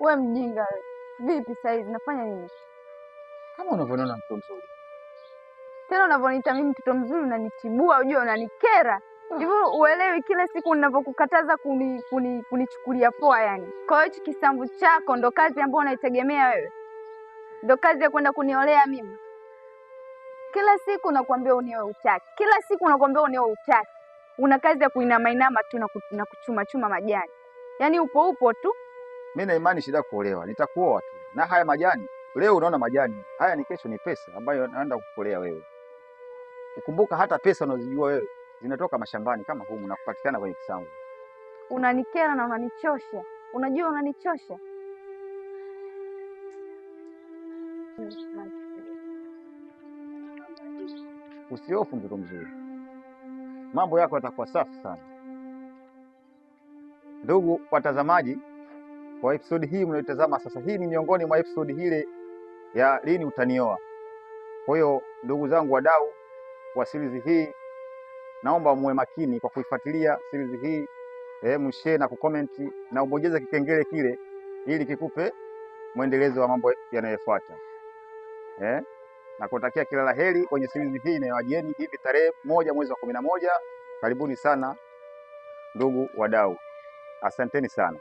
We mjinga vipi saizi, nafanya nini? Kama unavyoniona mtoto mzuri, tena unavyoniita mimi mtoto mzuri, unanitibua, unajua unanikera ah. hivyo uelewi, kila siku ninavyokukataza kunichukulia kuni, kuni poa yani. Kwa hiyo hichi kisambu chako ndo kazi ambayo unaitegemea wewe, ndo kazi ya kwenda kuniolea mimi? Kila siku nakwambia unioe utaki, kila siku unakwambia unioe utaki. Una kazi ya kuinamainama tu na kuchumachuma majani, yaani upo upo tu mi na imani shida kuolewa, nitakuoa tu. Na haya majani leo unaona majani haya, ni kesho ni pesa ambayo naenda kukolea wewe. Ukumbuka hata pesa unazijua wewe zinatoka mashambani kama humu na kupatikana kwenye kisangu. Unanikera na unanichosha, unajua unanichosha. usiofu mtoto mzuri, mambo yako yatakuwa safi sana. Ndugu watazamaji, kwa episodi hii mnaitazama sasa, hii ni miongoni mwa episodi hile ya lini utanioa. Kwa hiyo ndugu zangu wadau wa series hii, naomba muwe makini kwa kuifuatilia series hii eh, mshare na kukomenti na ubonyeze kikengele kile ili kikupe mwendelezo wa mambo yanayofuata eh, na kutakia kila la heri kwenye series hii inayowajieni hivi tarehe moja mwezi wa kumi na moja. Karibuni sana ndugu wadau, asanteni sana.